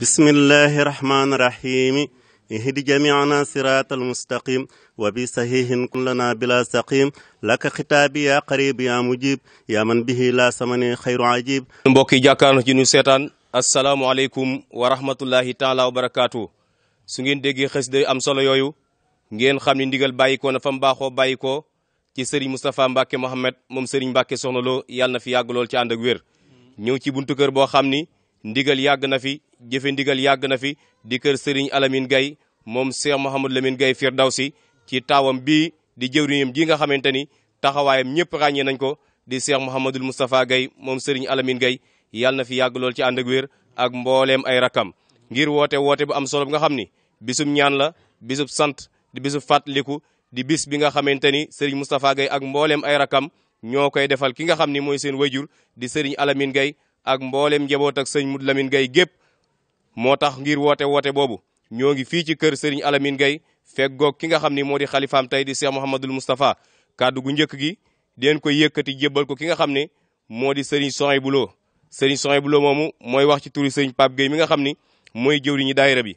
bismillahi rahmaani rahiimi ihdi jamiana siraat almustaqim wa bi sahihin kun lana bila saqim laka xitaabi yaa qarib yaa mujib yaa man bihi laa samani xayru ajib mbokk yi jàkkaarloo ci ñu seetaan asalaamualeykum wa rahmatullahi taala wa barakaatu su ngeen déggee xës day am solo yooyu ngeen xam ni ndigal bàyyikoo na fa mu baaxoo bàyyikoo ci sëriñ Moustapha Mbacke Mohamed moom sëriñ Mbacke soxna loo yàlla na fi yàgg lool ci ànd ak wér ñëw ci buntu kër boo xam ni ndigal yàgg na fi jëfe ndigal yàgg na fi di kër sëriñ Alamine Gaye moom Cheikh Mouhamadou Lamine Gaye Firdawsi ci taawam bi di jëwriñam ji nga xamante ni taxawaayam ñëpp ràññee nañ ko di Cheikh Mouhamadul Moustapha Gaye moom sëriñ Alamine gay yàlla na fi yàgg lool ci ànd ak wér ak mbooleem ay rakkam ngir woote woote bu am solo bi nga xam ni bisum ñaan la bisub sant di bisub fàttaliku di bis bi nga xamante ni sëriñ Moustapha Gaye ak mbooleem ay rakkam ñoo koy defal ki nga xam ni mooy seen wayjur di sëriñ Alamine Gaye ak mboolem njaboot ak sëñ Modou Lamine Gaye gépp moo tax ngir woote woote boobu ñoo ngi fii ci kër sëriñ Alamine Gaye feggoog ki nga xam ni moo di xalifaam tey di Cheikh Mouhamadul Moustapha kàddu gu njëkk gi den ko yëkkati jébbal ko ki nga xam ne moo di sëriñ Sohay Bulo sëriñ Sohay Bulo moomu mooy wax ci turi sëriñ Pape Gueye mi nga xam ni mooy jëwriñu daayira bi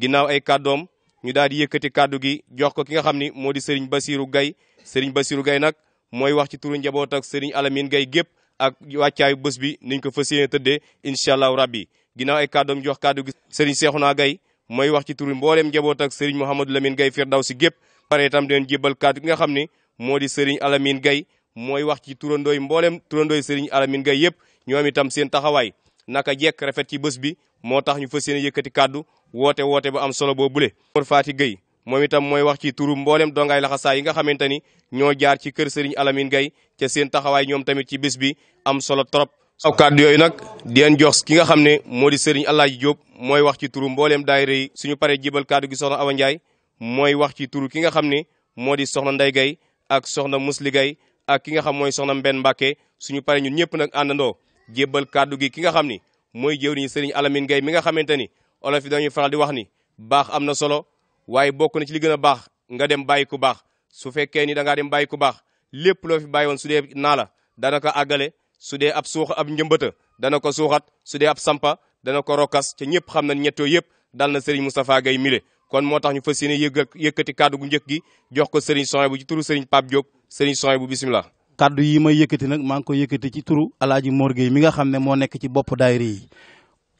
ginnaaw ay kàddoom ñu daal di yëkkati kàddu gi jox ko ki nga xam ni moo di sëriñ Basirou gay sëriñ Basirou gay nag mooy wax ci turu njaboot ak sëriñ Alamine Gaye gépp ak wàccaayu bés bi niñ ko fas yéene tëddee incha allahu rabbi ginnaaw ay kàddoom jox kàddu gi Serigne Cheikhouna Gaye mooy wax ci turu mbooleem njaboot ak Serigne gay Lamine Gaye Firdawsi gépp pare itam deen jébbal kàddu gi nga xam ne moo di Serigne Alamine Gaye mooy wax ci turandooy mbooleem turandooy Serigne alamin gay yëpp ñoom itam seen taxawaay naka jekk rafet ci bés bi moo tax ñu fas yéene yëkkati kàddu woote woote ba am solo boo bule Mor Faati Gaye moom itam mooy wax ci turu mboolem dongaay laxasaay yi nga xamante ni ñoo jaar ci kër Serigne Alamine Gaye ca seen taxawaay ñoom tamit ci bés bi am solo trop. aw kàddu yooyu nag di leen ki nga xam ne moo di Serigne Alaaji Diop mooy wax ci turu mboolem daayira suñu paree jibal kàddu gi soxna Awa Ndiaye mooy wax ci turu ki nga xam ni moo di soxna Ndeye Gaye ak soxna Musli Gaye ak ki nga xam mooy soxna Mbène Mbacke suñu pare ñun ñëpp nag àndandoo jébbal kàddu gi ki nga xam ni mooy jëwriñu Serigne Alamine Gaye mi nga xamante ni olof yi dañuy faral di wax ni baax am na solo waaye bokk na ci li gën a baax nga dem bàyyi ku baax su fekkee ni danga dem bàyyi ku baax lépp loo fi bàyyi woon su dee naa la dana ko àggale su dee ab suux ab njëmbata dana ko suuxat su dee ab sampa dana ko rokas ca ñëpp xam nañ ñettoo yëpp dal na Serigne Moustapha Gueye mile kon moo tax ñu fas yéene yëg yëkkati kàddu gu njëkk gi jox ko Serigne Soy bu ci turu Serigne Pape Diop Serigne Soy bu bisimilah. kàddu yi may yëkkati nag maa ngi koy yëkkati ci turu Alaaji Mor Gueye mi nga xam ne moo nekk ci bopp daayira yi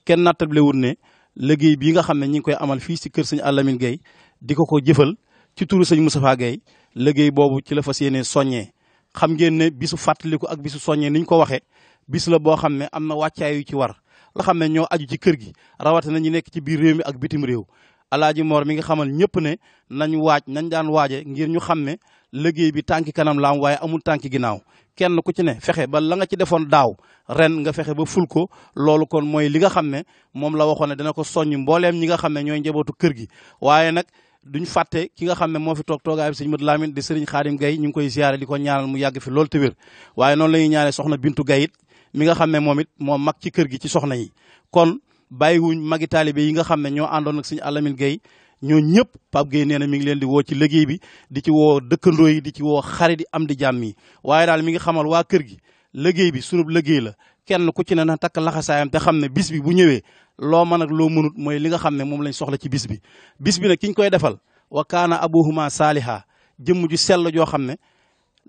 kenn nattablewul ne liggéey bii nga xam ne ñi ngi koy amal fii si kër sëñ Alamine Gueye di ko ko jëfal ci turu sëñ Moustapha Gueye liggéey boobu ci la fas yéene soññee xam ngeen ne bisu fàttaliku ak bisu soññee ni ñu ko waxee bis la boo xam ne am na wàccaay yu ci war la xam ne ñoo aju ci kër gi rawatina ñi nekk ci biir réew mi ak bitim réew alaaji moor mi nga xamal ñëpp ne nañ waaj nañ daan waaje ngir ñu xam ne liggéey bi tànki kanam laam waaye amul tànki ginnaaw kenn ku ci ne fexe ba la nga ci defoon daaw ren nga fexe ba ful ko loolu kon mooy li nga xam ne moom la waxoon ne dana ko soññ mbooleem ñi nga xam ne ñooy njabootu kër gi waaye nag duñ fàtte ki nga xam ne moo fi toog toogaay bi sëñ Modou Lamine di sëriñ Xaadim Gaye ñu ngi koy ziyaare di ko ñaanal mu yàgg fi loolu te wér waaye noonu la ñuy ñaanee soxna Bintu Gaye it mi nga xam ne moom it moo mag ci kër gi ci soxna yi kon wuñ magi taalibe yi nga xam ne ñoo àndoon ak sëñ Alamine ñoo ñëpp Pape Gueye nee na mi ngi leen di woo ci liggéey bi di ci woo dëkkandoo yi di ci woo xarit yi am di jàmm yi waaye daal mi ngi xamal waa kër gi liggéey bi sunub liggéey la kenn ku ci ne na takk laxasaayam te xam ne bis bi bu ñëwee loo mën ak loo mënut mooy li nga xam ne moom lañ soxla ci bis bi bis bi nag ki ñu koy defal wa kaana abuhuma saaliha jëmm ju sell joo xam ne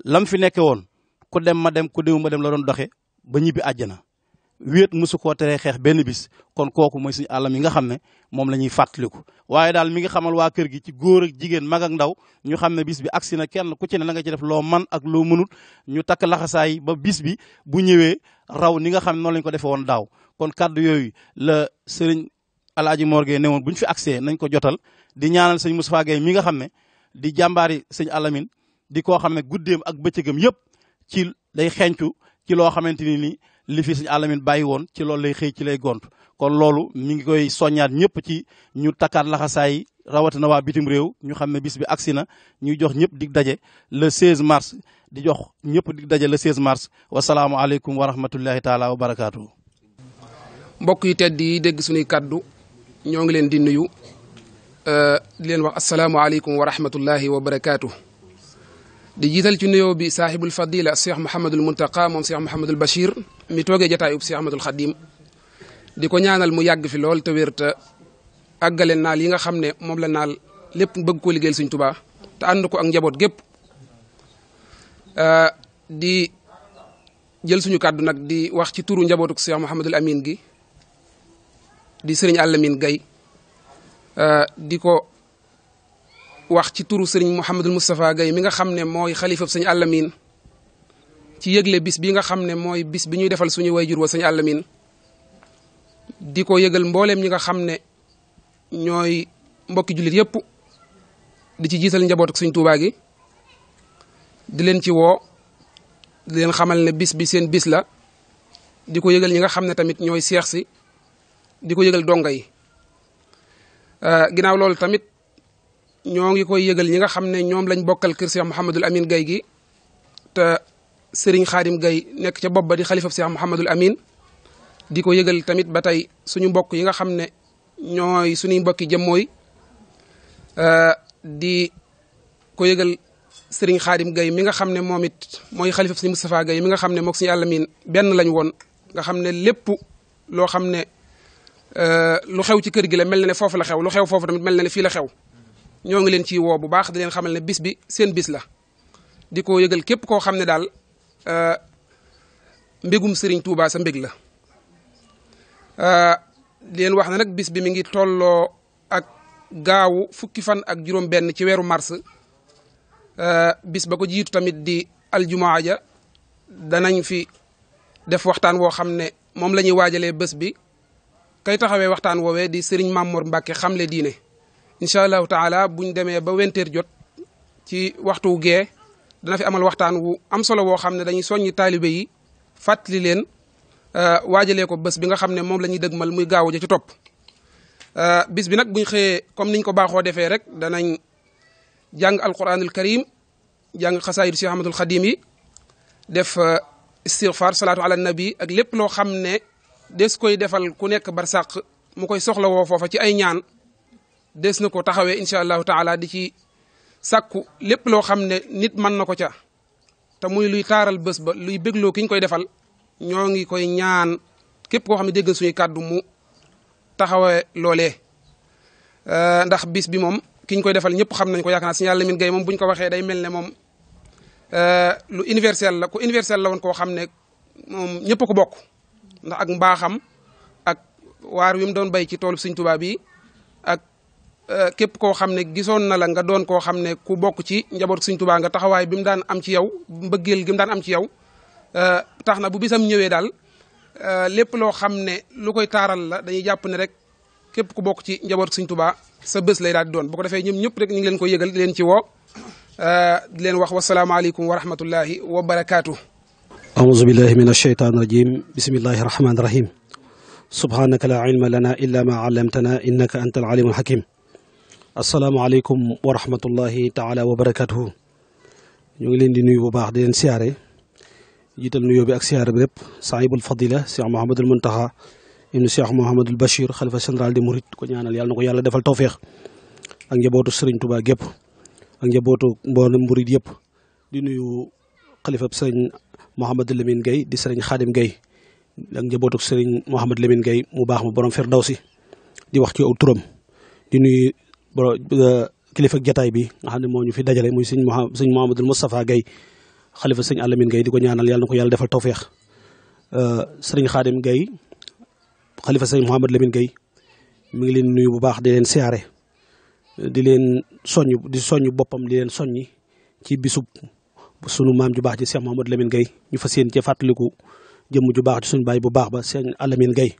lam fi nekke woon ku dem ma dem ku déw ma dem la doon doxe ba ñibbi àjjana wéet mosu koo teree xeex benn bis kon kooku mooy suñu àll mi nga xam ne moom la ñuy fàttaliku waaye daal mi nga xamal waa kër gi ci góor jigéen mag ak ndaw ñu xam ne bis bi agsi na kenn ku ci ne la nga ci def loo man ak loo mënut ñu takk laxasaay ba bis bi bu ñëwee raw ni nga xam ne noonu lañ ko defee woon daaw kon kàddu yooyu la sëriñ alaaji morgue ne bu ñu fi agsee nañ ko jotal di ñaanal sëñ Moustapha mi nga xam ne di jàmbaari sëñ Alamine di koo xam ne guddeem ak bëccëgam yëpp ci day xencu ci loo xamante ni li fi alamin bàyyi woon ci loolu lay xëy ci lay gont kon loolu mi ngi koy soññaat ñëpp ci ñu takkaat laxasaay rawatina waa bitim réew ñu xam ne bis bi agsi na ñuy jox ñëpp dig daje le 16 mars di jox ñëpp dig daje le 16 mars wasalaamualeykum wa rahmatullahi taala wa barakaatu. mbokk yi tedd yi dégg suñuy kaddu ñoo ngi leen di nuyu euh, di leen wax asalaamualeykum wa rahmatullahi wa barakaatu. di jiital ci nuyoo bi saaxibul fadila cheikh Mouhamadul Muntaqa moom cheikh Mouhamadul Bachir mi toogee jataayub cheikh Ahmadul Xadim di ko ñaanal mu yàgg fi lool te wér te àggale naal yi nga xam ne moom la naal lépp bëgg ko liggéeyal suñ tubaa te ànd ko ak njaboot gépp euh, di jël suñu kàddu nag di wax ci turu njabootuk cheikh Mouhamadul Amin gi di sëriñ Alamine Gaye euh, di ko wax ci turu sëriñ Mouhamadul Moustapha Gaye mi nga xam ne mooy xalifab sëñ allamin ci yëgle bis bi nga xam ne mooy bis bi ñuy defal suñu wayjur wa sëñ Alamin di ko yëgal mbooleem ñi nga xam ne ñooy mbokki jullit yëpp di ci jiital njaboot suñ tuubaa di leen ci woo di leen xamal ne bis bi seen bis la di ko yëgal ñi nga xam ne tamit ñooy seex si di ko yëgal donga yi euh, ginnaaw loolu tamit ñoo ngi koy yëgal yi nga xam ne ñoom lañ bokkal kër Cheikh Mouhamadul amin gay gi te Serigne Khadim Gaye nekk ca bopp ba di si Cheikh Mouhamadul Amine di ko yëgal tamit ba tey suñu mbokk yi nga xam ne ñooy suñuy mbokki jëmmooy euh, di ko yëgal Serigne Khadim Gaye mi nga xam ne moom it mooy xalifab Serigne Moustapha Gaye mi nga xam ne mook Serigne Alamin benn lañ woon nga xam ne lépp loo xam ne euh, lu xew ci kër gi la mel na ne foofu la xew lu xew foofu tamit mel na ne fii la xew ñoo ngi leen ci woo bu baax di leen xamal ne bis bi seen bis la di ko yëgal képp koo xam ne daal euh, mbégum Serigne Touba sa mbég la euh, di leen wax na nag bis bi mi ngi tolloo ak gaawu fukki fan ak juróom-benn ci weeru mars euh, bis ba ko jiitu tamit di aljumaa ja danañ fi def waxtaan woo xam ne moom la ñuy waajalee bés bi kay taxawee waxtaan woowee di Serigne Mamour xam le diine. incha allah taala buñ demee ba wenteer jot ci waxtu gee dana fi amal waxtaan wu am solo woo xam ne dañuy soññi taalibe yi fàttali leen euh, waajalee ko bés bi nga xam ne moom la ñuy dëgmal muy gaaw ja ci topp. Euh, bis bi nag buñ xëyee comme niñ ko baaxoo defee rek danañ jàng alquranul karim jàng xasaayidu si ahmadul xadim yi def euh, istighfar salaatu ala nabi ak lépp loo xam ne des koy defal ku nekk barsàq mu koy soxlawoo foofa ci ay ñaan. des na ko taxawee incha allah taala di ci sàkku lépp loo xam ne nit mën na ko ca te muy luy taaral bés ba luy bégloo ki ñu koy defal ñoo ngi koy ñaan képp koo xam ne dégg suñu kàddu mu taxawee loolee. Euh, ndax bis bi moom ki koy defal ñëpp xam nañ ko yaakaar naa Serigne Alamine Gaye moom bu ñu ko waxee day mel ne moom euh, lu universel la ko universel la woon koo xam ne moom ñëpp ko bokk ndax ak mbaaxam ak waar wi mu doon bay ci toolu Serigne Touba bi ak. Euh, képp koo xam ne gisoon na la nga doon koo xam ne ku bokk ci njaboot Sëriñ Tuubaa nga taxawaay bi mu daan am ci yow mbëggeel gi daan am ci yow euh, tax na bu bisam ñëwee daal euh, lépp loo xam ne lu koy taaral la dañuy jàpp ne rek képp ku bokk ci njaboot Sëriñ Tuubaa sa bés lay daal di doon bu ko defee ñoom ñëpp rek ñu ngi leen ko yëgal leen ci woo leen wax wasalaamaaleykum wa rahmatullahi wa barakaatu. auzu billahi min ashaytaan rajim bismillahi rahmaani rahim subhanaka la ilma lana illa ma allamtana innaka anta al alimul hakim asalaamaaleykum wa rahmatullahi taala wa barakatuhu ñoo ngi leen di nuyu bu baax di leen siyaare jiital nuyoo bi ak siyaare bi yëpp saahibul fadila cheikh mohamadul muntaha ibnu cheikh mohamadul bachir xalifa général di murit ko ñaanal yàlla na ko yàlla defal tawféex ak njabootu sëriñ tubaa gépp ak njabootu mboolem murit yëpp di nuyu xalifa sëriñ mohamadul Lamine Gueye di sëriñ xaadim Gueye ak njabootu sëriñ mohamadul Lamine Gueye mu baax ma borom di wax boro euh, kilifa jataay bi nga xam ne moo ñu fi dajale muy sëñ Mouha sëñ Mouhamadul Moustapha Gaye xalifa sëñ Alamine Gaye di ko ñaanal yàlla na ko yàlla defal tawféex euh, sëriñ Xaadim Gaye xalifa sëñ Mouhamad Lamine Gaye ngi leen nuyu bu baax di leen siyaare di leen soññ di boppam di leen soññi ci bisub sunu maam ju baax ci Cheikh Mouhamad Lamine ñu fas yéen cee fàttaliku jëmm ju baax ci suñu baay bu baax ba sëñ Alamine gay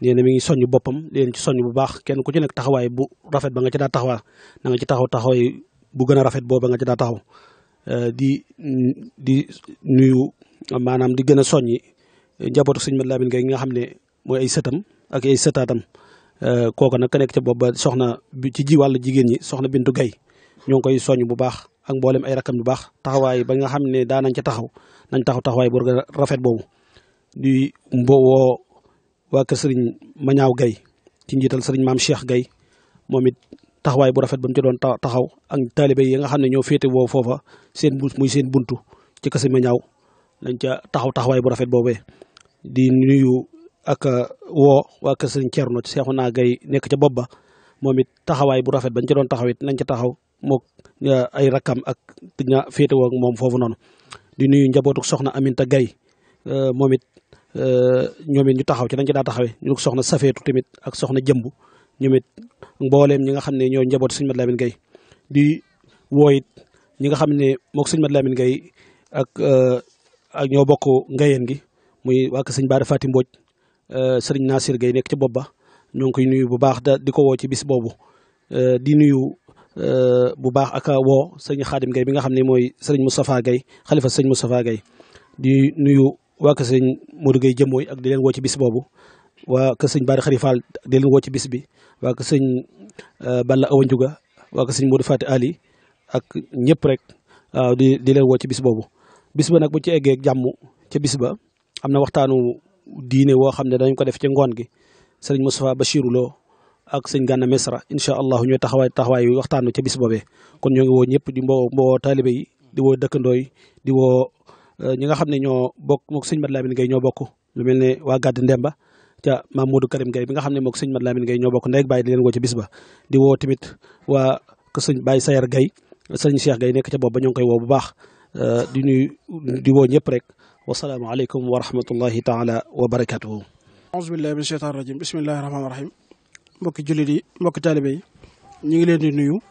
nee mi ngi soññ boppam leen ci soññ bu baax kenn ku ci nekk taxawaay bu rafet ba nga ci daa taxawaa na nga ci taxaw taxawaay bu gën a rafet booba nga ci daa euh, di di nuyu maanaam di gën a soññi euh, njabootu sëñ Mat Lamin Gaye nga xam ne mooy ay sëtam ak ay sëtaatam euh, kooka nag ka nekk ca bopp ba soxna bi ci jigéen ñi soxna Bintu Gaye ñoo ngi koy soññ bu baax ak mboolem ay rakam bu baax taxawaay ba nga xam ne daa nañ ca taxaw nañ taxaw taxawaay bu rafet boobu di mbowoo waa kër sëriñ Mañaaw Gay ci njiital sëriñ maam Cheikh Gay moom it taxawaay bu rafet ba mu ci doon taxaw ak taalibe yi nga xam ne ñoo féete woo foofa seen muy seen buntu ci kër sëriñ ca taxaw taxawaay bu rafet boobee di nuyu ak uh, woo waa kër sëriñ naa Gay nekk ca bopp ba moom it taxawaay bu rafet bañ ca doon taxaw it nañ ca taxaw mook uh, ay rakkam ak ña féete woo moom foofu noonu di nuyu njabootu soxna Aminta Gay uh, moom it Euh, ñoom it ñu taxaw ci dañ ci daa taxawee ñu soxna safeetu tamit ak soxna jëmb ñoom mbooleem ñi nga xam ne ñoo njaboot sëñ Mat Lamin Gay di ñi nga xam ne mook sëñ Lamin Gay ak euh, ak ñoo bokk ngayeen gi muy waa sëñ Baara Fatim Mbooj euh, sëriñ Nasir Gay nekk ci bopp ba ñoo ngi koy nuyu bu baax da di ko woo ci bis boobu di nuyu bu baax ak woo sëñ Xaadim Gay bi nga xam ne mooy sëriñ Moustapha Gay xalifa sëñ Moustapha Gay di nuyu waa kër sëñ Modou Gueye jëmmooy ak di leen woo ci bis boobu waa kër sëñ Baari Xari Fall di leen woo ci bis bi waa kër sëñ euh, Balla Awa Ndiouga waa kër sëñ Modou Fati Ali ak ñëpp rek waaw di di leen woo ci bis boobu bis ba nag bu ci eggee jàmm ca bis ba am na waxtaanu diine woo xam ne dañ ko def ci ngoon gi sëriñ Moustapha Bachirou Lo ak sëñ Gana Mesra incha allah ñooy taxawaay taxawaay yu waxtaanu ca bis boobee kon ñoo ngi woo ñëpp mboo mboo yi di Euh, ñi nga xam ne ñoo bokk moog sëñ Mat Lamine Gueye ñoo bokk lu mel ne waa gàdd Ndemba ca maam Modou Karim Gueye bi nga xam ne moog sëñ Mat Lamine Gueye ñoo bokk ndey ak bàyyi di leen woo ci bis ba di tamit waa ka sëñ baay Sayar Gueye sëñ Cheikh Gueye nekk ca boobu ba ñoo ngi koy woo bu baax euh, di nuyu di woo ñëpp rek wasalaamaaleykum wa rahmatullahi taala wa barakatuhu auzu billahi min cheytaan rajim bismillahi rahmaani rahim mbokki jullit yi mbokki taalibe yi ñu ngi leen di nuyu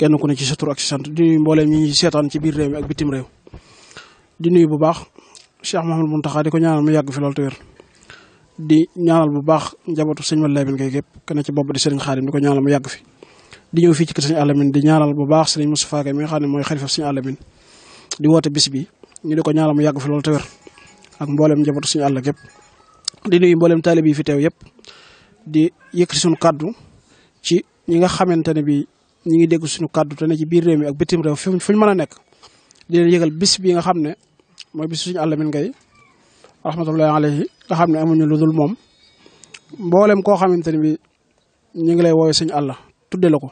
kenn ku ne ci sa tur ak si sant di mbooleem ñi seetaan ci biir réew ak bitim réew di nuyu bu baax Cheikh Mouhamadou Mountakha di ko ñaanal mu yàgg fi lool te wér di ñaanal bu baax njabootu sëñ ma Lamine Gueye gépp kenn ci bopp di sëriñ Xaadim di ko ñaanal mu yàgg fi di ñëw fii ci kër sëñ di ñaanal bu baax sëriñ Moustapha Gueye mi nga xam di woote bis bi ñu di ko ñaanal mu yàgg fi lool te wér ak mboolem njabootu sëñ àll gépp di nuyu mboolem taalib yi fi teew yëpp di yëkkati suñu kaddu ci ñi nga xamante ne bi ñi ngi dégg suñu kàddu te ne ci biir réew mi ak bitim réew fi ñu a nekk mooy bis suñu àll min ngay rahmatullahi alayhi nga xam ne amuñu lu dul moom mbooleem koo xamante ne bi ñu ngi lay woowee suñu àll tudde la ko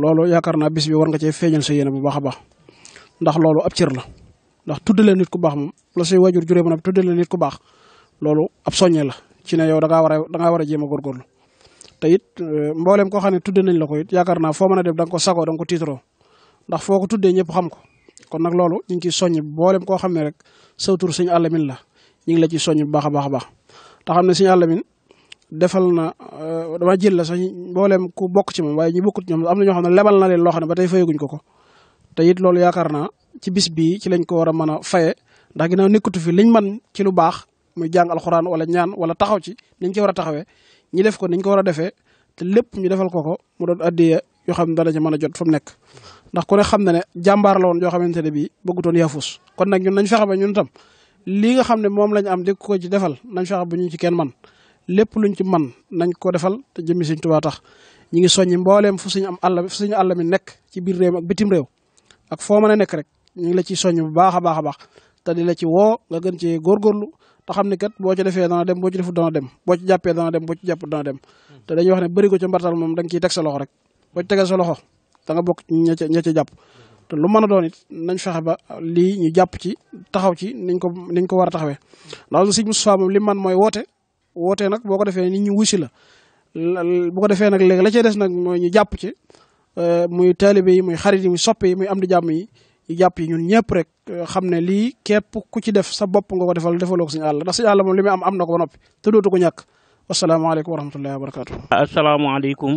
loolu yaakaar naa bis bi war nga cee feeñal sa yéene bu baax a baax ndax loolu ab cër la ndax tuddalee nit ku baax moom la say waajur juree mën a tuddalee nit ku baax loolu ab soññe la ci ne yow da ngaa war a war a jéem a góorgóorlu te it euh, mboolem koo xam ne tudde nañ la ko it yaakaar naa foo mën a dem da nga ko sagoo da nga ko tiitaroo ndax foo tuddee ñëpp xam ko kon nag loolu ñu ngi ciy soññ boolem koo xam ne rek sawtur sëñ Alamin la ñu ngi la ci soññ bu baax a baax a baax te xam ne sëñ Alamin defal na euh, dama jël la sax mboolem ku bokk ci moom waaye ñi bokkut ñoom am na ñoo xam ne lebal na leen loo xam ne ba tey fayaguñ ko ko te it loolu yaakaar naa ci bis bii ci lañ ko war a mën a faye ndax ginnaaw nekkatu fi liñ man ci lu baax muy jàng alxuraan wala ñaan wala taxaw ci niñ ci war a taxawee ñi def ko niñ ko war a defee te lépp ñu defal ko ko mu doon addiya yoo xam ne dana ci mën a jot fa mu nekk ndax ku ne xam na ne jàmbaar la woon yoo xamante ne bii bëggutoon yaafus kon nag ñun nañ fexe ba ñun tam lii nga xam ne moom lañ am di ko ci defal nañ fexe bu ñu ci ken man lépp luñ ci man nañ ko defal te jëmmi Sëñ Tuubaa tax ñi ngi soññi mbooleem fu suñu am àll fu àll mi nekk ci biir réew ak bitim réew ak foo mën nekk rek ñu ngi la ciy soññ bu baax a baax a te di la ci woo nga gën cee góorgóorlu te xam ne kat boo ci defee dana dem boo ci defut dana dem boo ci jàppee dana dem boo ci jàpput dana dem hmm. te dañuy wax ne bëri ko ci moom da nga ciy teg sa loxo rek boo ci loxo da nga bokk ña ca ña ca jàpp te lu mën a doon nañ fexe ba lii ñu jàpp ci taxaw ci niñ ko niñ ko war a taxawee ndax sëñ Moustapha moom li man mooy woote woote nag boo ko defee nit ñu wusi la bu ko defee nag léegi la cay des nag mooy ñu jàpp ci euh, muy taalibe yi muy xarit yi muy soppe muy am di jàmm yi jàpp yi ñun ñëpp rek euh, xam ne lii képp ku ci def sa bopp nga ko defal defaloo ko suñu àll ndax suñu àll moom li muy am am na ko ba noppi te dootu ko ñàkk wasalaamaaleykum wa rahmatullahi wa barakatuh asalaamaaleykum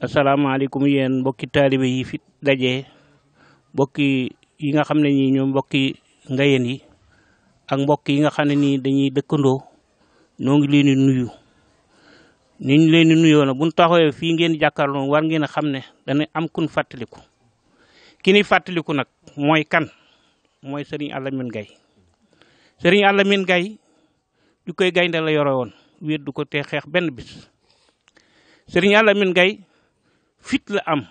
asalaamaaleykum yéen mbokki taalibe yi fi daje mbokki yi nga xam ne nii ñoom mbokki ngayeen yi ak mbokk yi nga xam ne nii dañuy dëkkandoo ñoo ngi leen di nuyu ni ñu leen di nuyoo nag buñ taxawee fii ngeen jàkkaarloo war ngeen a xam ne dana am kun fàttaliku ki ni fàttaliku nag mooy kan mooy Serigne Alamine Gaye Serigne Alamine Gaye du koy gaynde la yore woon wéet du ko te xeex benn bis Serigne Alamine Gaye fit la am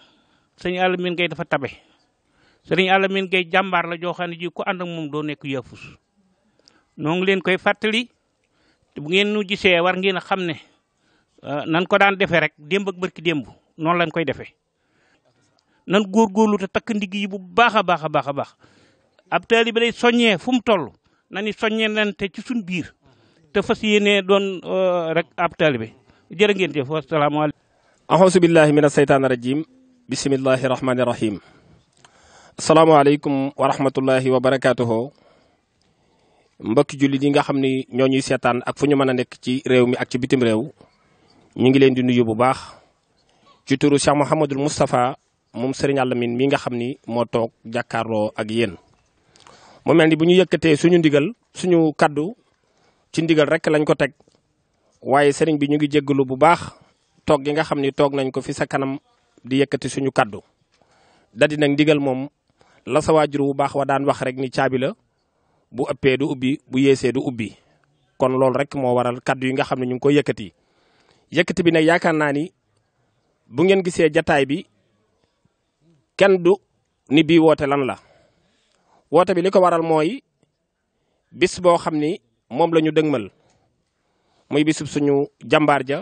sëñ Alamine Gueye dafa tabe sëñ Alamine Gueye jàmbaar la joo xam ne ji ku ànd ak moom doo nekk yafus noo ngi leen koy fàttali bu ngeen nu gisee war ngeen a xam ne ah, nan ko daan defee rek démb ak bërki démb noonu lañ koy defee nan góorgóorlu te takk ndigg yi bu baax a baax a baax a baax ab taalibe day soññee fu mu toll nani soññee nan te ci suñ biir te fas yéene doon ah, rek ab taalibe jërë ngeen jëf wasalaamaaleykum axusu billahi min aseytaan rajim bisimillahi rahmaani rahim asalaamaaleykum wa rahmatullahi wa barakaatuho mbokki jullit yi nga xam ni ñoo ñuy seetaan ak fu ñu mën a nekk ci réew mi ak ci bitim réew ñu ngi leen di nuyu bu baax ci turu Cheikh Mouhamadul Moustapha moom Serigne Alamine mi nga xam ni moo toog jàkkaarloo ak yéen mu mel ni bu ñu yëkkatee suñu ndigal suñu kaddu ci ndigal rek lañ ko teg waaye Serigne bi ñu ngi jéggalu bu baax toog gi nga xam ni toog nañ ko fi sa kanam di yëkkati suñu kaddu dadi nag ndigal moom la sa waajur bu baax wa daan wax rek ni caabi la bu ëppee du ubbi bu yeesee du ubbi kon loolu rek moo waral kaddu yi nga xam ne ñu ngi koy yëkkati yëkkati bi nag yaakaar naa ni bu ngeen gisee jataay bi kenn du ni bi woote lan la woote bi li ko waral mooy bis boo xam ni moom la ñu dëgmal muy bisu suñu jàmbaar ja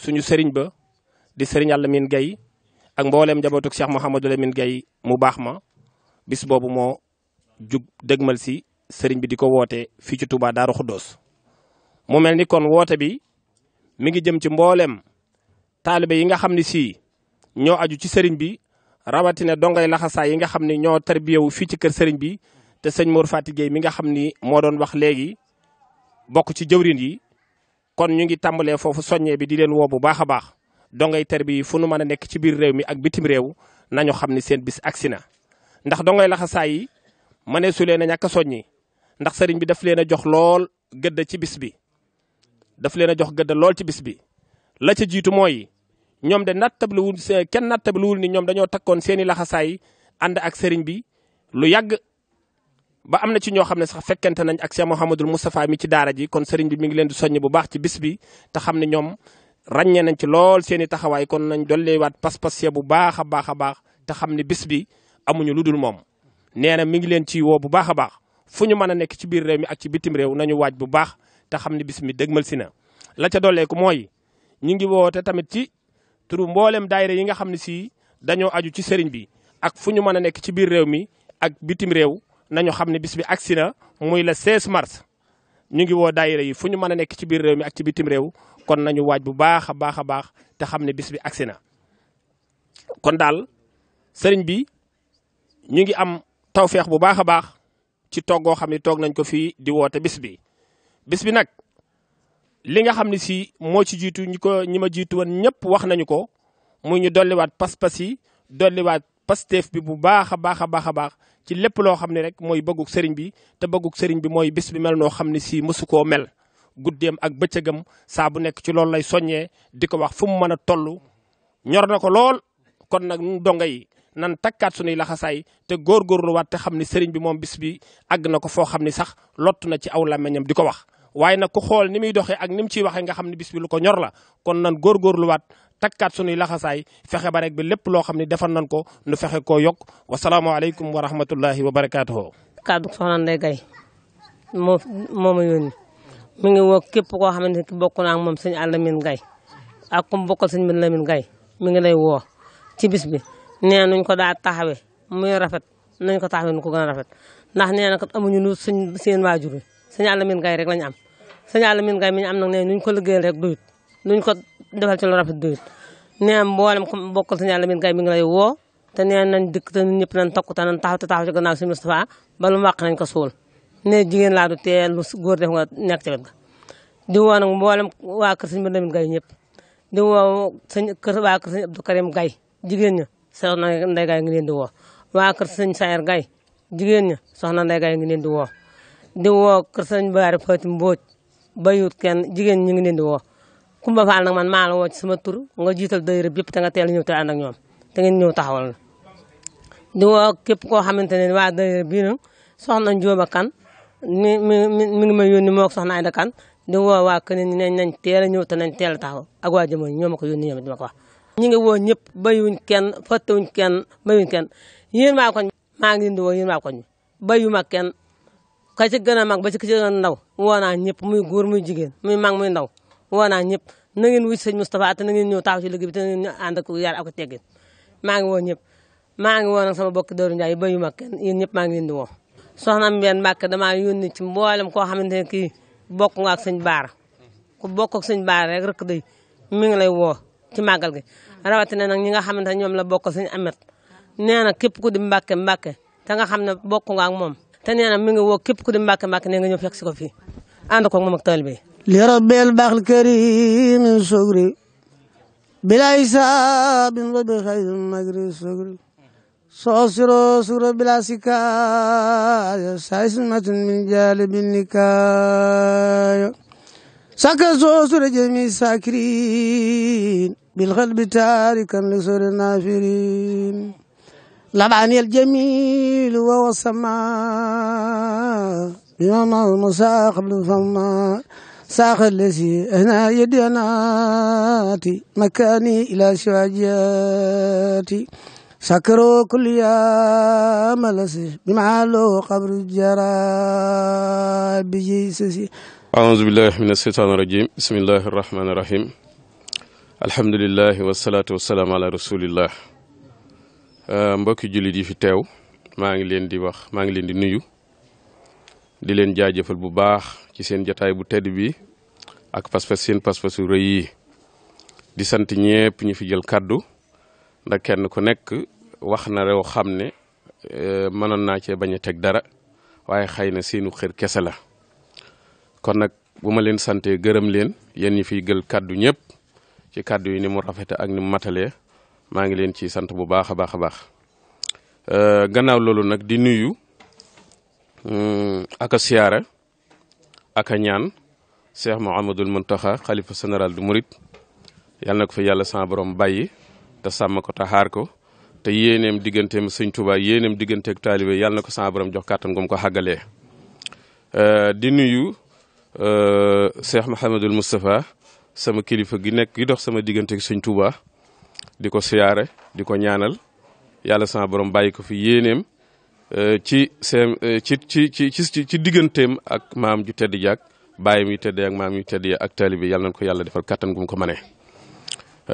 suñu sëriñ ba di sëriñ Alamine Gaye ak mbooleem njabootug Cheikh Mouhamadou min gay mu baax ma bis boobu moo jug dëgmal si sëriñ bi di ko woote fii ci Touba Daaru Xuddoos mu mel ni kon woote bi mi ngi jëm ci mbooleem taalibe yi nga xam ni si ñoo aju ci sëriñ bi rawatina dongay laxasaay yi nga xam ne ñoo tarbiyewu fii ci kër sëriñ bi te sëñ Mor Fatick Gueye mi nga xam ni moo doon wax léegi bokk ci jëwrin yi kon ñu ngi tàmbalee foofu soññee bi di leen woo bu baax a baax dongay tarbiya bi fu nu mën a nekk ci biir réew mi ak bitim réew nañu xam ni seen bis agsi na ndax dongay laxasaay yi mënee su leen a ñàkk soññi ndax sëriñ bi daf leen a jox lool gëdd ci bis bi daf leen a jox gëdd lool ci bis bi la ca jiitu mooy ñoom de nattabliwul kenn nattabliwul ni ñoom dañoo takkoon seen i laxasaay ànd ak sëriñ bi lu yàgg ba am na ci ñoo xam ne sax fekkente nañ ak Cheikh Mouhamadul Moustapha mi ci daara ji kon sëriñ bi mi ngi leen di soññ bu baax ci bis bi te xam ne ñoom ràññee nañ ci lool seen i taxawaay kon nañ dolliwaat pas-pas bu baax a baax a baax te xam ne bis bi amuñu lu dul moom. nee na mi ngi leen ci woo bu baax a baax fu ñu mën a nekk ci biir réew mi ak ci bitim réew nañu waaj bu baax te xam ne bis mi dëgmal si na. la ca dolleeku mooy ñu ngi woote tamit ci turu mboolem daayira yi nga xam ne si dañoo aju ci sëriñ bi ak fu ñu mën a nekk ci biir réew mi ak bitim réew nañu xam ne bis bi agsi na muy le 16 mars ñu ngi woo daayira yi fu ñu mën a nekk ci biir réew mi ak ci bitim réew kon nañu waaj bu baax a baax a baax te xam ne bis bi agsi na kon daal sëriñ bi ñu ngi am tawfeex bu baax a baax ci toog goo xam ne toog nañ ko fii di woote bis bi bis bi nag li nga xam ne si moo ci jiitu ñi ko ñi ma jiitu woon ñëpp wax nañu ko muy ñu dolliwaat pas-pas yi dolliwaat pasteef bi bu baax a baax a baax ci lépp loo xam ne rek mooy bëggug sëriñ bi te bëggug sëriñ bi mooy bis bi mel noo xam ne si mësu koo mel guddeem ak bëccëgam saa bu nekk ci loolu lay soññee di ko wax fu mu mën a toll ñor na ko lool kon nag ñu donga yi nan takkaat sunuy laxasaay te góorgóorluwaat te xam ne sëriñ bi moom bis bi àgg na ko foo xam ne sax lott na ci aw làmmiñam di ko wax waaye na ku xool ni muy doxee ak ni mu ciy waxee nga xam ne bis lu ko ñor la kon nan góorgóorluwaat takkaat sunuy laxasaay fexe ba rek bi lépp loo xam ne defar nañ ko nu fexe koo yokk wasalaamaaleykum wa rahmatullahi wa barakaatuhu. kaddu soxna Ndeye Gaye moo moo ma yónni mu ngi woo képp koo xamante ne bokk naa ak moom sëñ Alamine Gaye ak ku mu bokkal sëñ Lamine Gaye mi ngi lay woo ci bi nee nuñ ko daa taxawee muy rafet nañ ko taxawee nu ko gën a rafet ndax nee na kat amuñu lu suñ seen waajur yi sëñ Alamine Gaye rek lañ am sëñ Alamine Gaye mi ñu am nag nee nuñ ko liggéeyal rek defal ci lu rafet duyut nee na mboolem ku bokkal Serigne Alamin Gaye mi ngi lay woo te nee nañ dëkk te ñun ñëpp nañ tokk te nañ taxaw te taxaw ci gannaaw Serigne Moustapha ba lu wàq nañ ko suul nee jigéen ga di woo nag mboolem waa kër Serigne Gaye ñëpp di woo sëñ kër waa kër Gaye jigéen ña soxna Ndeye Gaye ngi di woo waa kër Serigne Sayer Gaye di woo di woo kër Serigne Baari Fatim Mbooj bayut kenn jigéen ñi ngi leen di woo Kumba Fall nag man maa la woo ci sama tur nga jiital daayira bi yëpp te nga teel ñëw te ànd ak ñoom te la di woo képp koo xamante ne waa daayira bii nag soxna Njóoba Kan mi mi mi ngi may yónni moo soxna Ayda Kan di woo waa keneen ñi nañ teel a ñëw te nañ a taxaw ak waa jëmo ñoo ma ko yónni ñoom dima ko wax ñi ngi woo ñëpp bayuñ kenn fàttewuñ kenn bayuñ maa ngi di woo yéen waa koñ bayuma kenn ka ci gën a mag ba ci ka ci gën a ndaw woo naa ñëpp muy góor muy jigéen muy mag woo naa ñëpp na ngeen wuy sëñ Moustapha te na ngeen ñëw taaw ci liggéey bi te na ngeen ñu ànd ak maa ngi woo ñëpp maa ngi woo nag sama bokk Dóoru Ndiaye bayu ma kenn yéen ñëpp maa ngi leen di woo soxna Mbène Mbacke damaa yónni ci mboolem koo xamante ne kii bokk nga ak sëñ Baara ku bokk ak sëñ Baara rek rek day mi ngi lay woo ci màggal gi rawatina nag ñi nga xamante ne ñoom la bokk sëñ Amet nee na képp ku di Mbacke Mbacke te nga xam ne bokk nga ak moom te na mi ngi woo képp ku di Mbacke Mbacke nee nga ñëw fekk si ko fii ànd ko moom ak taalibe li rabbil baxl karim sugri bila hisaabin wa bi xayrin magri sugri soosiro sugri bila sikaayo saismatin min jalibin nikaayo saka soosiro jami sakirin bil xalbi taarikan li sori naafirin labani al jamil wa wasama bima ma musa qablu fama ساق الذي هنا يديناتي مكاني إلى شواجاتي سكروا كل يا ملسي بمعالو قبر الجرى بجيسسي أعوذ بالله من الشيطان الرجيم بسم الله الرحمن الرحيم الحمد لله والصلاة والسلام على رسول الله mbokki jullit yi fi teew maa ngi leen di wax maa ngi leen di nuyu di leen jaajëfal bu baax ci seen jataay bu tedd bi ak pas-pas seen pas-pasu rëy yi di sant ñépp ñu fi jël kàddu ndax kenn ku nekk wax na rew xam ne euh, mënoon naa cee bañ a teg dara waaye xëy na seenu xër kese la kon nag bu ma leen sante gërëm leen yéen ñu fi gël kàddu ñëpp ci kàddu yi ni mu rafete ak ni mu matalee maa ngi leen ci sant bu baax a baax a baax euh, gannaaw loolu nag di nuyu hmm, ak a siyaara ak ñaan ñaan Cheikh Mouhamadul Mountakha xalifa sénéral du Murit yàlla na ko fi yàlla sama borom bàyyi te sàmm ko te xaar ko te yéeneem digganteem sëñ Touba yéeneem digganteeg taalibe yàlla na ko sama borom jox kàttan gum ko xàggalee. Euh, di nuyu euh, Cheikh Mouhamadul Moustapha sama kilifa gi nekk gi dox sama digganteeg sëñ Touba di ko siyaare di ko ñaanal yàlla sama borom bàyyi ko fi yéeneem. Eh, ci seen eh, ci ci ci ci ci digganteem ak maam ju tedd ji ak bàyyi mi tedd ak maam yu tedd yi ak taalibe yàlla nañ ko yàlla defal kattan gu mu ko mënee.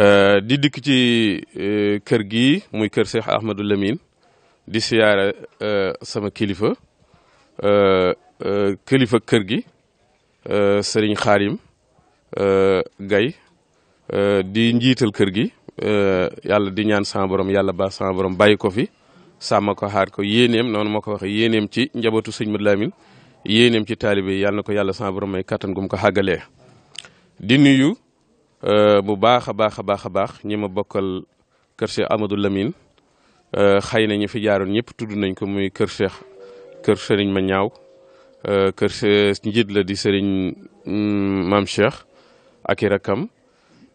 Eh, di dikk ci kër gi muy kër see Ahmadou Lamine di siyaare sama kilifa kilifa kër gi sëriñ Xaarim Gaye di njiital kër gi yàlla di ñaan sama borom yàlla ba sama borom bàyyi ko fi. sàmm ko xaar ko yéeneem noonu ma ko waxee yéeneem ci njabootu sëñ Mad Lamin yéeneem ci taalibe yi yàlla na ko yàlla sama borom may kattan gum ko xàggalee di nuyu euh, bu baax a baax a baax a baax ñi ma bokkal kër Cheikh Amadou Lamine euh, xëy na ñu fi jaaroon ñëpp tudd nañ ko muy kër Cheikh kër Serigne ma ñaaw euh, kër njiit la di Serigne mm, maam Cheikh ak i rakkam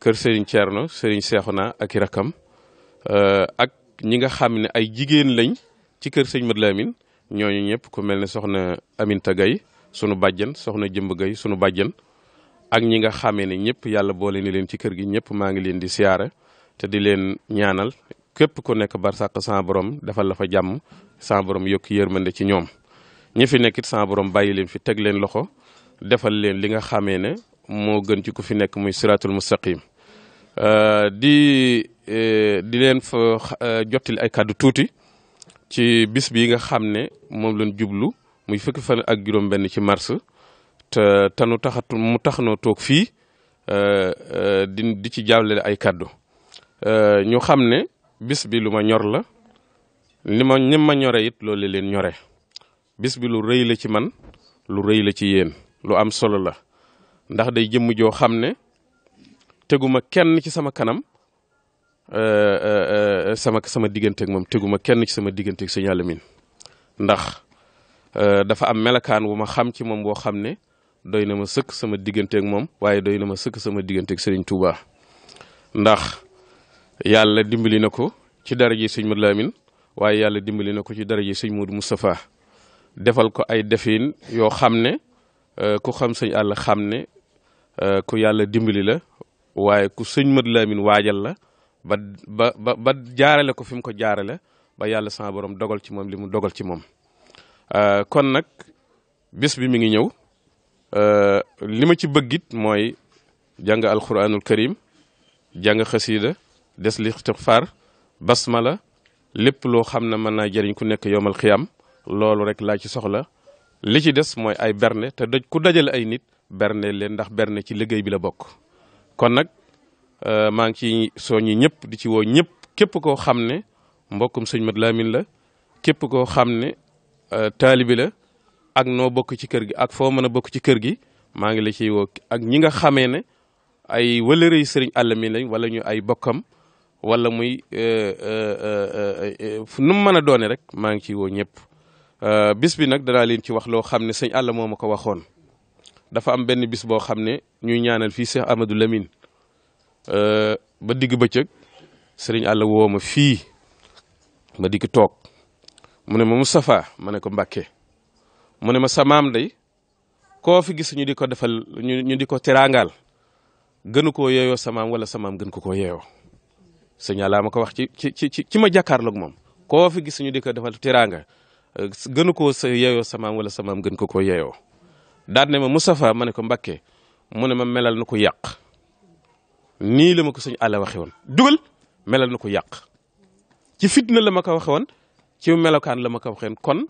kër Serigne Thierno Serigne Seexuna ak i rakkam ak ñi nga xam ne ay jigéen lañ ci kër sëñ la Lamin ñooñu ñëpp ku mel ne soxna Aminta gay sunu bàjjan soxna Jëmb gay sunu bàjjan ak ñi nga xamee ne ñëpp yàlla boole ni leen ci kër gi ñëpp maa ngi leen di siyaara te di leen ñaanal képp ku nekk barsàq sa borom defal la fa jàmm sa borom yokk yërmande ci ñoom ñi fi nekkit sa borom bàyyi leen fi teg leen loxo defal leen li nga xamee ne moo gën ci ku fi nekk muy siraatul mustaqim euh, di Eh, di leen fa eh, jottil ay kàddu tuuti ci bis bi nga xam ne moom lañ jublu muy fukki fan ak juróom-benn ci mars te tanu taxatu mu tax noo toog fii eh, di di ci jaawlale ay kàddu ñu xam ne bis bi lu ma ñor la ni ma ñore it loolu leen ñore bis lu rëy la ci man lu rëy la ci yéen lu am solo la ndax day jëmm joo xam ne teguma kenn ci sama kanam Euh, euh, euh, sama sama digganteeg moom teguma kenn ci sama digganteeg sëñ Alamine ndax dafa am melakaan wu ma xam ci moom boo xam ne doy na ma sëkk sama digganteeg moom waaye doy na ma sëkk sama digganteeg sëriñ Touba ndax yàlla dimbali na ko ci daraje sëñ Modou Lamine waaye yàlla dimbali na ko ci daraje sëñ Modou Moustapha defal ko ay defin yoo xam ne ku xam sëñ àll xam ne ku yàlla dimbali la waaye ku sëñ Modou Lamine waajal la ba ba ba ba jaarale ko fi mu ko jaarale ba yàlla sama borom dogal ci moom li mu dogal ci moom euh, kon nag bis bi mi ngi ñëw euh, li ma ci bëggit mooy jàng alquranul karim jàng xasiida des li istixfaar la lépp loo xam ne mën naa jëriñ ku nekk yowmal xiyam loolu rek laa ci soxla li ci des mooy ay berne te daj ku dajale ay nit berne leen ndax berne ci liggéey bi la bokk kon nag Euh, maa ngi ciy soññi ñëpp di ci woo ñëpp képp koo xam ne mbokkum sëñ Mat Lamin la képp koo xam ne euh, taalibi la ak noo bokk ci kër gi ak foo mën a bokk ci kër gi maa ngi la ciy woo ak ñi nga xamee ne ay wëlëre yu sëriñ Alamin lañ wala ñu ay bokkam wala muy euh, nu mu mën a doone rek maa ngi ciy woo ñëpp bis bi nag danaa leen ci wax loo xam ne sëñ Alla moo ma ko waxoon dafa am benn bis boo xam ne ñuy ñaanal fii Cheikh Amadou Lamine Euh, ba digg bëccëg sëriñ àll woo ma fii ma dikk toog mu ne ma Moustapha ma ne ko mbake mu ne ma samaam day koo fi gis ñu di ko defal ñu di ko tiraangal gënu koo yeeyoo samaam wala samaam gën ko koo yeeyoo sëñ ma ko wax ci ci ci ci ma jàkkaarloog moom koo fi gis ñu di ko defal teraanga euh, gënu koo yeeyoo samaam wala samaam gën ko koo yeeyoo daan ne ma Moustapha ma ne ko mbake mu ne ma melal na ko yàq nii la ma ko sëñ àlla waxe woon dugal melal na ko yàq ci fitna la ma ko waxe woon ci melokaan la ma ko waxee kon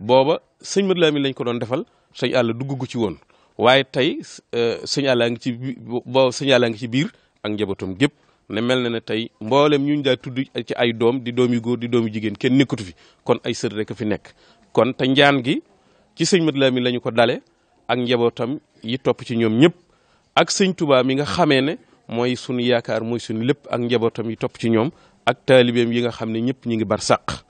booba sëñ Madu mi lañ ko doon defal sëñ àlla dugg ci woon waaye tey euh, sëñ àlla ngi ci booba sëñ àlla ngi ci biir ak njabootam gépp ne mel na ne tey mboolem ñu daa tudd ci ay doom di doom yu di doom jigéen kenn nekkatu fi kon ay sër rek fi nekk kon te njaan gi ci sëñ Madu Lamin la ñu ko dale ak njabootam yi topp ci ñoom ñëpp ak sëñ Tuubaa mi nga xamee ne mooy sunu yaakaar mooy sunu lépp ak njabootam yi topp ci ñoom ak taalibeem yi nga xam ne ñëpp ñu ngi bar sàq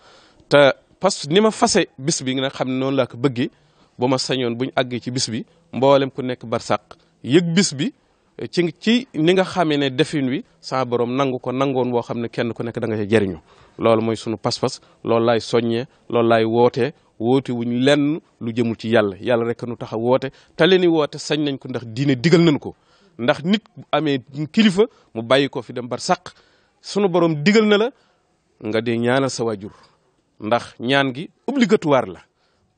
te parce que ni ma fase bis bi nga xam ne noonu laa ko bëggee ba ma sañoon buñ àggee ci bis bi mboolem ku nekk bar sàq yëg bis bi ci ci ni nga xamee ne defin wi saa borom nangu ko nangoon woo xam ne kenn ku nekk da nga ca jëriñu loolu mooy sunu pas-pas loolu laay soññee lool laay wootee woote wuñ lenn lu jëmul ci yàlla yàlla rekk nu tax a woote te li ni woote sañ nañ ko ndax diine digal nañ ko ndax nit amee kilifa mu bàyyi ko fi dem bar sàq sunu borom digal na la nga dee ñaanal sa waajur ndax ñaan gi obligatoire la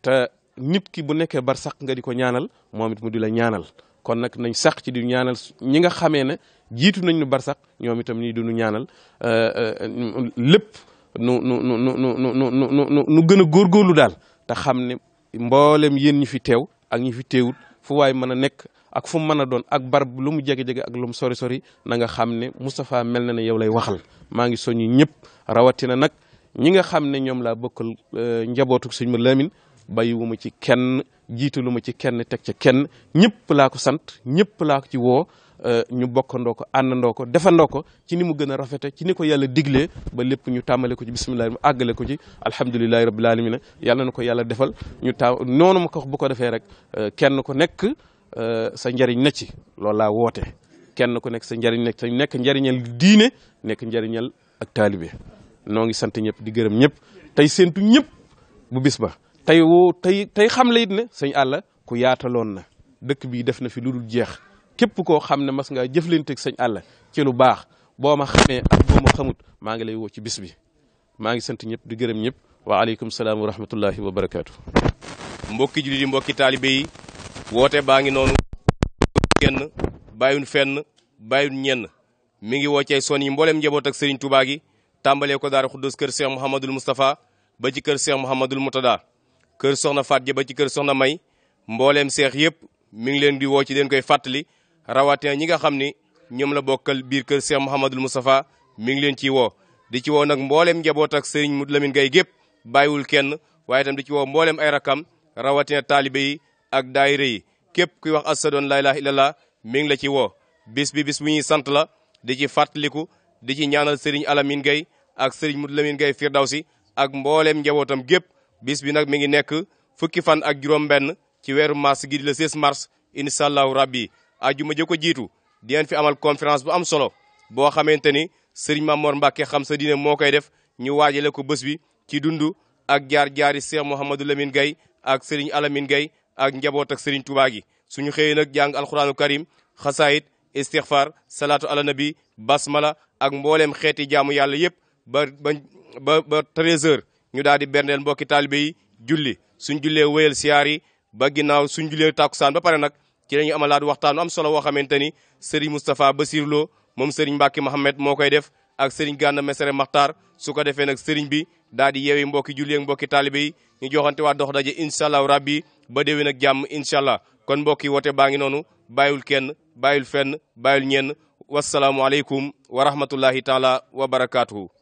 te nit ki bu nekkee bar sàq nga di ko ñaanal moom it mu di la ñaanal kon nag nañ sàq ci diw ñaanal ñi nga xamee ne jiitu nañ nu bar sàq ñoom itam nii du ñu ñaanal euh, euh, lépp nu nu nu nu nu nu gën a góorgóorlu daal te xam ne mboolem yéen ñi fi teew ak ñi fi teewut fu waay mën a nekk ak fu mu mën a doon ak barab lu mu jege-jege ak lu mu sori sori na nga xam ne Moustapha mel na ne yow lay waxal maa ngi soñu ñëpp rawatina nag ñi nga xam ne ñoom laa bokkal euh, njabootu sëñ ma Lamin bàyyiwuma ci kenn jiitaluma ci kenn teg ci kenn ñëpp laa ko sant ñëpp laa ko ci woo Euh, ñu bokkandoo ko àndandoo ko defandoo ko ci ni mu gën a rafete ci ni ko yàlla digle ba lépp ñu tàmbale ko ci bisimilah mu àggale ko ci alhamdulilahi rabil alamina yàlla na ko yàlla defal ñu ta noonu ma ko bu ko defee rek euh, kenn ko nekk euh, sa njariñ na ci loolu laa woote kenn ku nekk sa njariñ na ci nekk njariñal diine nekk njariñal ak taalibe noo ngi sant ñëpp di gërëm ñëpp tey séentu ñëpp bu bisma ba tey woo tey tey xam la ne sëñ àlla ku yaataloon na dëkk bii def na fi lu jeex képp koo xam ne mas ngaa jëflanteeg sëñ àll ci lu baax boo ma xamee ak boo xamut maa ngi lay woo ci bis bi maa ngi sant ñëpp di gërëm ñëpp wa aleykum salaam wa rahmatullahi wa barakaatu. mbokki jullit yi mbokki taalibe yi woote baa ngi noonu kenn bàyyun fenn bàyyun ñenn mi ngi woo ci ay yi mbooleem njaboot ak Serigne Touba gi tàmbalee ko daara Xuddoos kër Cheikh Mouhamadul Moustapha ba ci kër Cheikh Mouhamadul Moutada kër Soxna Faat ja ba ci kër Soxna May mbooleem seex yëpp mi ngi leen di woo ci leen koy fàttali rawatina ñi nga xam ni ñoom la bokkal biir kër Cheikh Mouhamadul Moustapha mi ngi leen ciy woo di ci woo nag mbooleem njaboot ak sëriñ Modou min Gaye gépp bàyyiwul kenn waaye tam di ci woo mbooleem ay rakam rawatina taalibe yi ak daayira yi képp kuy wax asadoon laa ilaaha illallah mi ngi la ci woo bis bi bis bu ñuy sant la di ci fàttaliku di ci ñaanal sëriñ Alamine Gaye ak sëriñ Modou Lamine Gaye Firdawsi ak mbooleem njabootam gépp bis bi nag mi ngi nekk fukki fan ak juróom-benn ci weeru mars gi la le 16 mars incha allahu rabbi ajuma jë ko jiitu dinañ fi amal conférence bu am solo boo xamante ni sëriñ Mamor Mbacke xam sa diine moo koy def ñu waajale ko bës bi ci dund ak jaar-jaari Cheikh Mouhamadou Lamine Gaye ak sëriñ alamin Gaye ak njaboot ak sëriñ Touba gi suñu xëyee nag jàng alxuraanu karim xasaayit istixfar salaatu ala nabi basmala ak mboolem xeeti jaamu yàlla yëpp ba ba ba ñu daal di berndeel mbokki taalibe yi julli suñ jullee wéyal siyaar yi ba ginnaaw suñ jullee tàkkusaan ba pare nag ci la ñu amalaat waxtaanu am solo woo xamante ni Serigne Moustapha Bassir Lo moom Serigne Mbacke Mohamed moo koy def ak Serigne Gana Messere Makhtar su ko defee nag Serigne bi daal di yeewee mbokki julli ak mbokki taalibe yi ñu joxante waa dox daje incha allah rabbi ba déwén ak jàmm incha allah kon mbokki wote baa ngi noonu bàyyul kenn bàyyul fenn bàyyul ñenn wasalaamualeykum wa rahmatullahi taala wa barakaatuhu